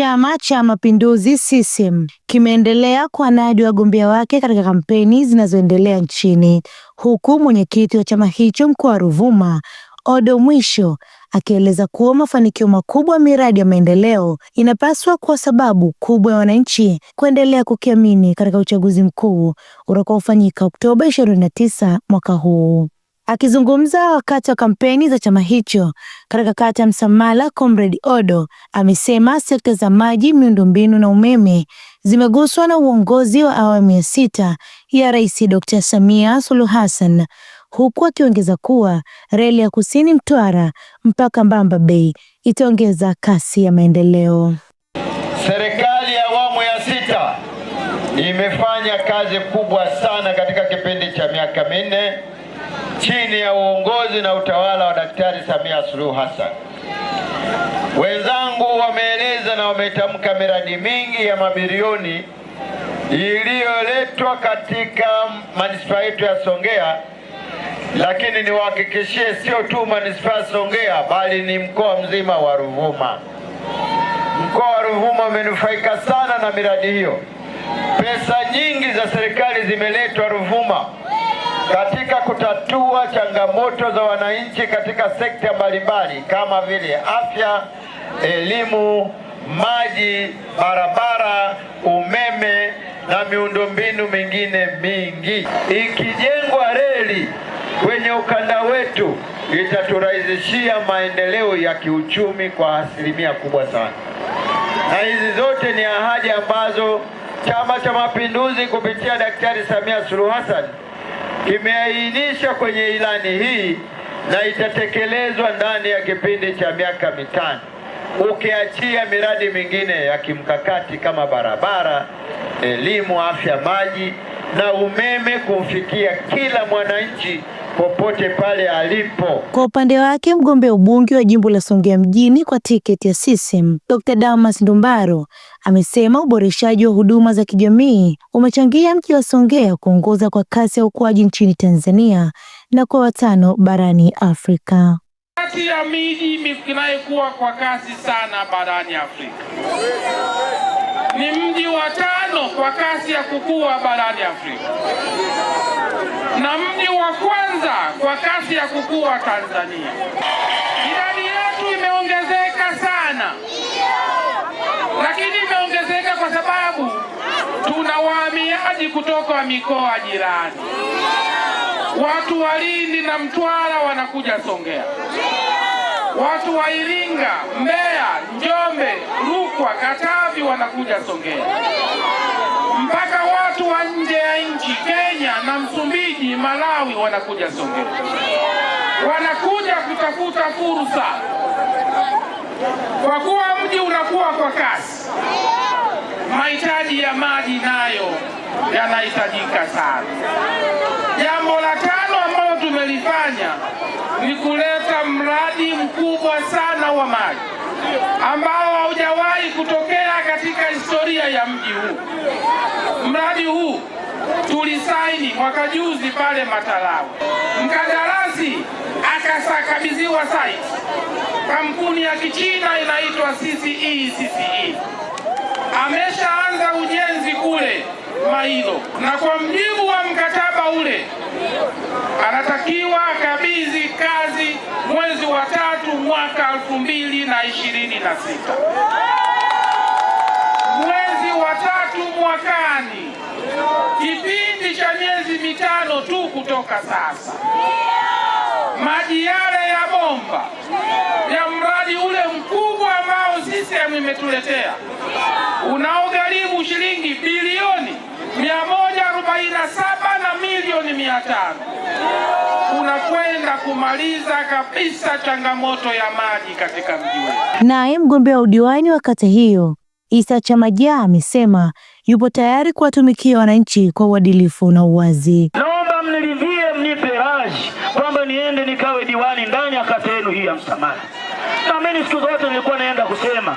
Chama cha Mapinduzi CCM kimeendelea kuwanadi wagombea wake katika kampeni zinazoendelea nchini, huku mwenyekiti wa chama hicho mkoa wa Ruvuma Odo Mwisho akieleza kuwa mafanikio makubwa ya miradi ya maendeleo inapaswa kuwa sababu kubwa ya wananchi kuendelea kukiamini katika uchaguzi mkuu utakaofanyika Oktoba 29 mwaka huu. Akizungumza wakati wa kampeni za chama hicho katika kata ya Msamala, Comrade Odo amesema sekta za maji, miundombinu na umeme zimeguswa na uongozi wa awamu ya sita ya Rais Dr. Samia Suluhu Hassan, huku akiongeza kuwa reli ya Kusini Mtwara mpaka Mbamba Bay itaongeza kasi ya maendeleo. Serikali ya awamu ya sita imefanya kazi kubwa sana katika kipindi cha miaka minne chini ya uongozi na utawala wa Daktari Samia Suluhu Hassan. Wenzangu wameeleza na wametamka miradi mingi ya mabilioni iliyoletwa katika manispaa yetu ya Songea, lakini niwahakikishie, sio tu manispaa ya Songea bali ni mkoa mzima wa Ruvuma. Mkoa wa Ruvuma umenufaika sana na miradi hiyo. Pesa nyingi za serikali zimeletwa Ruvuma katika kutatua changamoto za wananchi katika sekta mbalimbali kama vile afya, elimu, maji, barabara, umeme na miundombinu mingine mingi. Ikijengwa reli kwenye ukanda wetu itaturahisishia maendeleo ya kiuchumi kwa asilimia kubwa sana, na hizi zote ni ahadi ambazo Chama cha Mapinduzi kupitia Daktari Samia Suluhu Hassan imeainishwa kwenye ilani hii na itatekelezwa ndani ya kipindi cha miaka mitano, ukiachia miradi mingine ya kimkakati kama barabara, elimu, afya, maji na umeme kumfikia kila mwananchi popote pale alipo. Kwa upande wake mgombea ubunge wa jimbo la Songea mjini kwa tiketi ya CCM Dr. Damas Ndumbaro amesema uboreshaji wa huduma za kijamii umechangia mji wa Songea kuongoza kwa kasi ya ukuaji nchini Tanzania na kwa watano barani Afrika kati ya miji inayokuwa kwa kasi sana barani Afrika. Ni mji wa tano kwa kasi ya kukua barani Afrika na mji wa kwanza kwa kasi ya kukua Tanzania. Idadi yetu imeongezeka sana, lakini imeongezeka kwa sababu tuna wahamiaji kutoka mikoa jirani. Watu wa Lindi na Mtwara wanakuja Songea, watu wa Iringa, Mbeya, Njombe, Rukwa, Katavi wanakuja Songea mpaka watu wa nje ya nchi Kenya na Msumbiji, Malawi wanakuja Songea, wanakuja kutafuta fursa, kwa kuwa mji unakuwa kwa kasi. Mahitaji ya maji nayo yanahitajika sana. Jambo la tano ambalo tumelifanya ni kuleta mradi mkubwa sana wa maji ambao haujawahi kutokea katika historia ya mji huu. Mradi huu tulisaini mwaka juzi pale Matalawe, mkandarasi akasakabidhiwa site, kampuni ya Kichina inaitwa CCE CCE ameshaanza ujenzi kule Mailo, na kwa mjibu wa mkataba ule anatakiwa akabidhi kazi mwezi wa tatu mwaka elfu mbili na ishirini na sita mwakani, kipindi cha miezi mitano tu kutoka sasa, maji yale ya bomba ya mradi ule mkubwa ambao CCM imetuletea unaogharimu shilingi bilioni 147 na milioni 500 unakwenda kumaliza kabisa changamoto ya maji katika mji wetu. Naye mgombea udiwani wa kata hiyo Isa Chamajaa amesema yupo tayari kuwatumikia wananchi kwa uadilifu na uwazi. Naomba mniridhie, mnipe raji kwamba niende nikawe diwani ndani ya kata yenu hii ya Msamala. Na mimi siku zote nilikuwa naenda kusema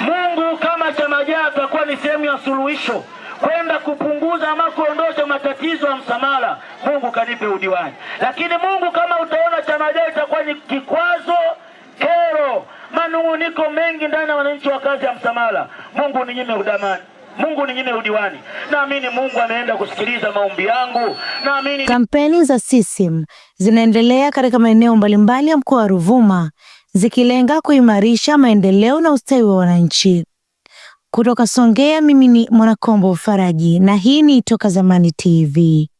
Mungu kama Chamajaa atakuwa ni sehemu ya suluhisho kwenda kupunguza ama kuondosha matatizo ya Msamala, Mungu kanipe udiwani. Lakini Mungu kama utaona chamaja itakuwa ni kikwazo, kero, manung'uniko mengi ndani ya wananchi wa kazi ya Msamala, Mungu ninyime udamani. Mungu ninyime udiwani. Naamini Mungu ameenda kusikiliza maombi yangu. Naamini kampeni za CCM zinaendelea katika maeneo mbalimbali ya mkoa wa Ruvuma zikilenga kuimarisha maendeleo na ustawi wa wananchi. Kutoka Songea, mimi ni Mwanakombo Faraji na hii ni Toka Zamani TV.